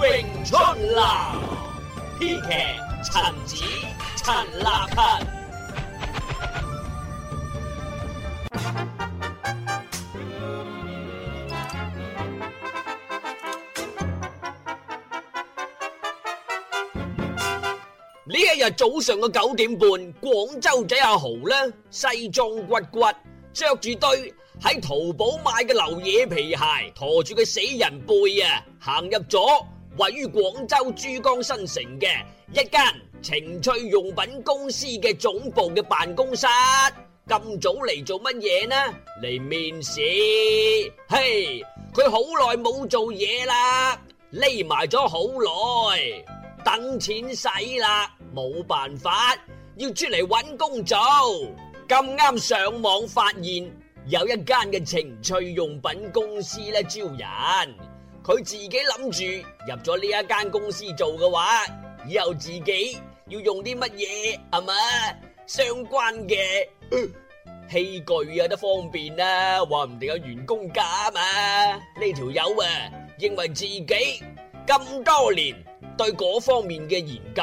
詠春男，編劇陳子陳立克。呢一日早上嘅九點半，廣州仔阿豪呢，西裝骨骨，着住對喺淘寶買嘅流嘢皮鞋，馱住個死人背啊，行入咗，位於廣州珠江新城嘅一間情趣用品公司嘅總部嘅辦公室，咁早嚟做乜嘢呢？嚟面試。嘿，佢好耐冇做嘢啦，匿埋咗好耐，等錢使啦，冇辦法要出嚟搵工做。咁啱上網發現有一間嘅情趣用品公司咧招人。佢自己諗住入咗呢一間公司做嘅話，以後自己要用啲乜嘢係咪相關嘅器具有得方便啦，話唔定有員工假啊嘛。呢條友啊，認為自己咁多年對嗰方面嘅研究，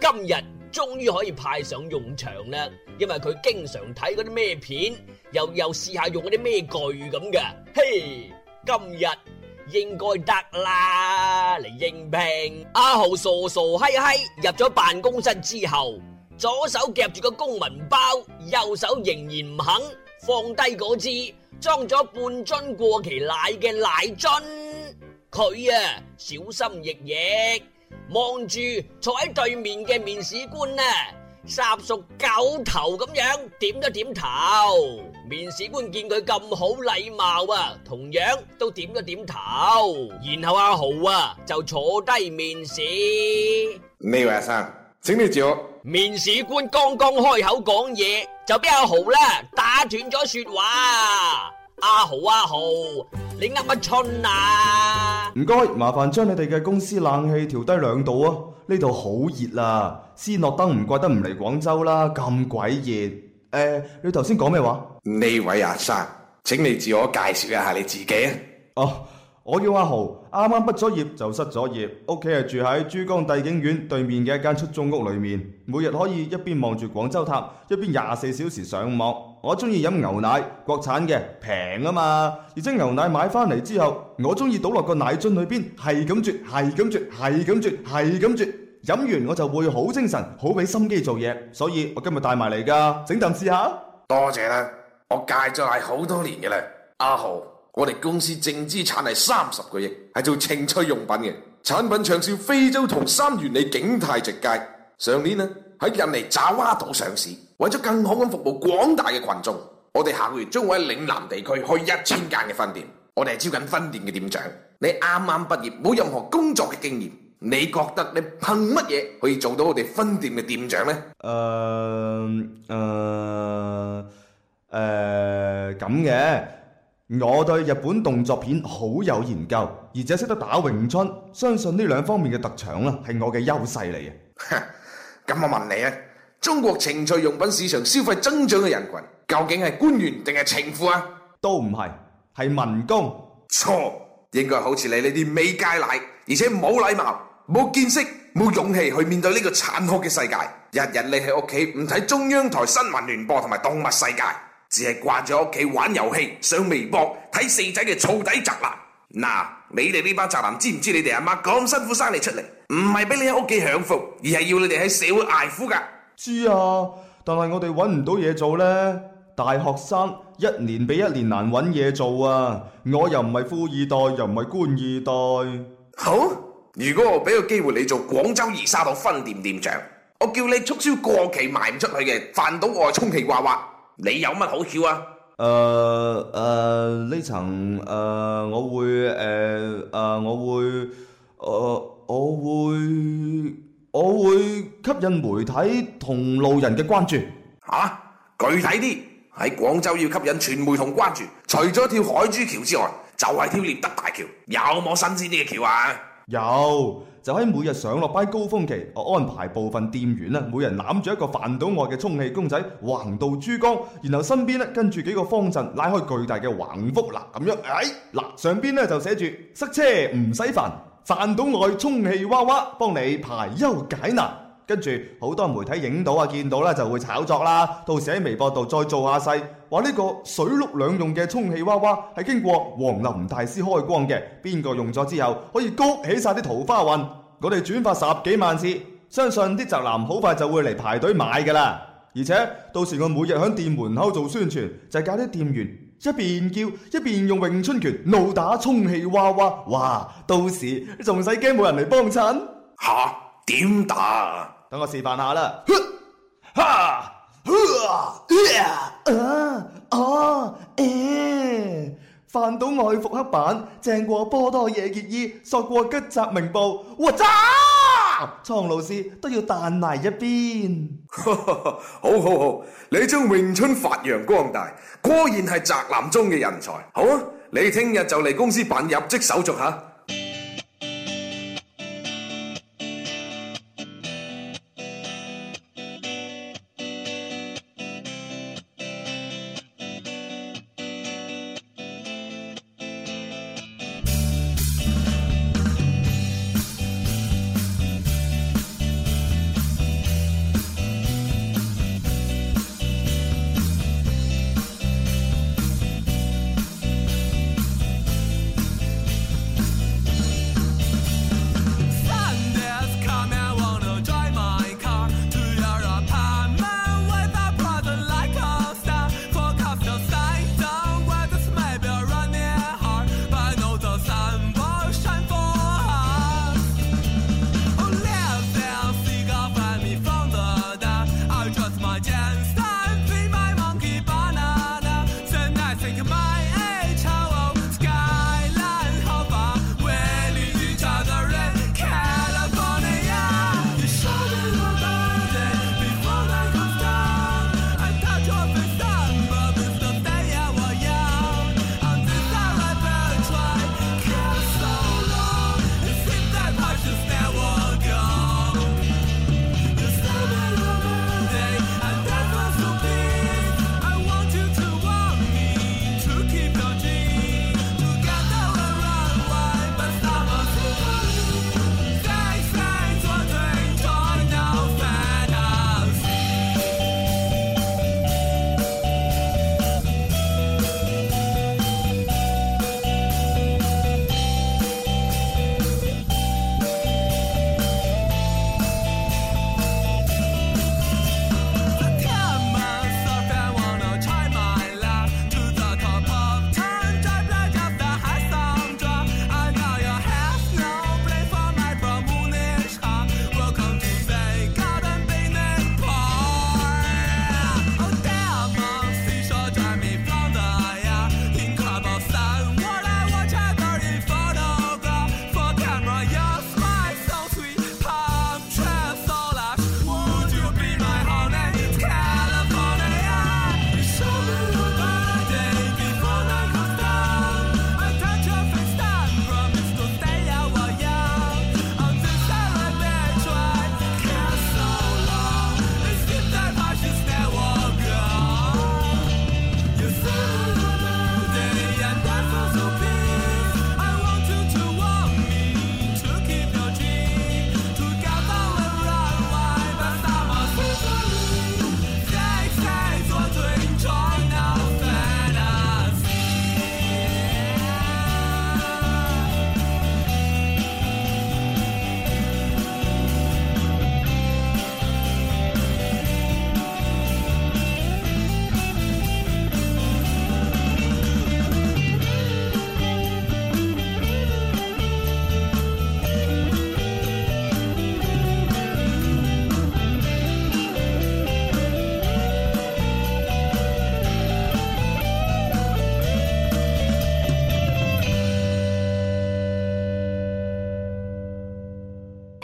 今日終於可以派上用場啦，因為佢經常睇嗰啲咩片，又又試下用嗰啲咩具咁嘅，嘿，今日。應該得啦，嚟應聘。阿豪傻傻嘿嘿，入咗辦公室之後，左手夾住個公文包，右手仍然唔肯放低嗰支裝咗半樽過期奶嘅奶樽。佢啊，小心翼翼望住坐喺對面嘅面試官呢。煞熟狗頭咁樣，點一點頭。面試官見佢咁好禮貌啊，同樣都點一點頭。然後阿、啊、豪啊就坐低面試。你話先，請你坐。面試官剛剛開口講嘢，就俾阿豪啦打斷咗說話。阿、啊、豪阿、啊啊豪，啊、豪，你噏乜春啊？唔該，麻煩將你哋嘅公司冷氣調低兩度啊！呢度好熱啦、啊，斯諾登唔怪得唔嚟廣州啦、啊，咁鬼熱。誒，你頭先講咩話？呢位阿生，請你自我介紹一下你自己啊！哦，我叫阿豪，啱啱畢咗業就失咗業，屋企係住喺珠江帝景苑對面嘅一間出租屋裏面，每日可以一邊望住廣州塔，一邊廿四小時上網。我中意飲牛奶，國產嘅，平啊嘛！而將牛奶買翻嚟之後，我中意倒落個奶樽裏邊，係咁啜，係咁啜，係咁啜，係咁啜。飲完我就會好精神，好俾心機做嘢，所以我今日帶埋嚟噶，整啖試下。多謝啦，我戒咗係好多年嘅啦。阿豪，我哋公司淨資產係三十個億，係做情趣用品嘅，產品暢銷非洲同三元里景泰直街。上年咧，喺印尼爪哇島上市，為咗更好咁服務廣大嘅群眾，我哋下個月將會喺嶺南地區開一千間嘅分店。我哋係招緊分店嘅店長，你啱啱畢業，冇任何工作嘅經驗，你覺得你憑乜嘢可以做到我哋分店嘅店長呢？誒誒誒咁嘅，我對日本動作片好有研究，而且識得打詠春，相信呢兩方面嘅特長啦，係我嘅優勢嚟嘅。咁我問你啊，中國情趣用品市場消費增長嘅人群，究竟係官員定係情婦啊？都唔係，係民工。錯，應該好似你呢啲未戒奶，而且冇禮貌、冇見識、冇勇氣去面對呢個殘酷嘅世界。日日匿喺屋企，唔睇中央台新聞聯播同埋動物世界，只係掛住屋企玩遊戲、上微博、睇四仔嘅燥底宅男嗱。你哋呢班宅男知唔知你哋阿媽咁辛苦生你出嚟？唔係俾你喺屋企享福，而係要你哋喺社會捱苦㗎。知啊，但係我哋搵唔到嘢做呢。大學生一年比一年難搵嘢做啊！我又唔係富二代，又唔係官二代。好，如果我俾個機會你做廣州二沙島分店店長，我叫你促銷過期賣唔出去嘅飯島愛充氣娃娃，你有乜好笑啊？誒誒呢層誒，我會誒誒，我會誒，我會我會吸引媒體同路人嘅關注嚇、啊。具體啲喺廣州要吸引傳媒同關注，除咗跳海珠橋之外，就係、是、跳獵德大橋，有冇新鮮啲嘅橋啊？有就喺每日上落班高峰期，我安排部分店員啦，每人攬住一個飯島外嘅充氣公仔橫渡珠江，然後身邊呢跟住幾個方陣拉開巨大嘅橫幅啦，咁樣，哎，嗱上邊呢就寫住塞車唔使煩，飯島外充氣娃娃幫你排憂解難。跟住好多媒體影到啊，見到啦就會炒作啦。到時喺微博度再做下勢，話呢個水陸兩用嘅充氣娃娃係經過王林大師開光嘅，邊個用咗之後可以谷起晒啲桃花運，我哋轉發十幾萬次，相信啲宅男好快就會嚟排隊買噶啦。而且到時我每日喺店門口做宣傳，就係、教啲店員一邊叫一邊用詠春拳怒打充氣娃娃，哇！到時仲使驚冇人嚟幫襯嚇？點打啊？等我示範下啦！哈，啊，啊，哦、欸，誒，飯島外復黑版正過波多野結衣，索過吉澤明步，我渣蒼老師都要彈埋一邊。 好好好，你將詠春發揚光大，果然係宅男中嘅人才。好啊，你聽日就嚟公司辦入職手續吓、啊。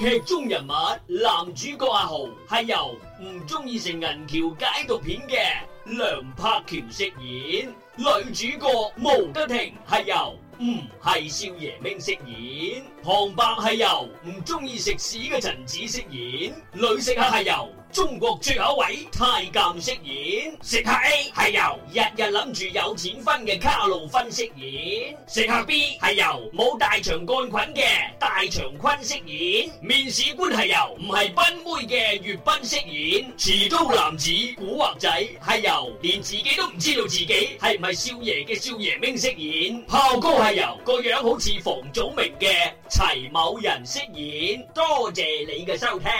劇中人物，男主角阿豪係由唔中意食銀橋解毒片嘅梁柏權飾演，女主角毛德婷係由唔係少爺明飾演，旁白係由唔中意食屎嘅陳子飾演，女食客係由中國最後一位，太監飾演；食客 A 係由日日諗住有錢分嘅卡路分飾演；食客 B 係由冇大腸杆菌嘅大腸坤飾演；面試官係由唔係賓妹嘅粵斌飾演；持刀男子古惑仔係由連自己都唔知道自己係唔係少爺嘅少爺明飾演；炮哥係由個樣好似房祖明嘅齊某人飾演。多謝你嘅收聽。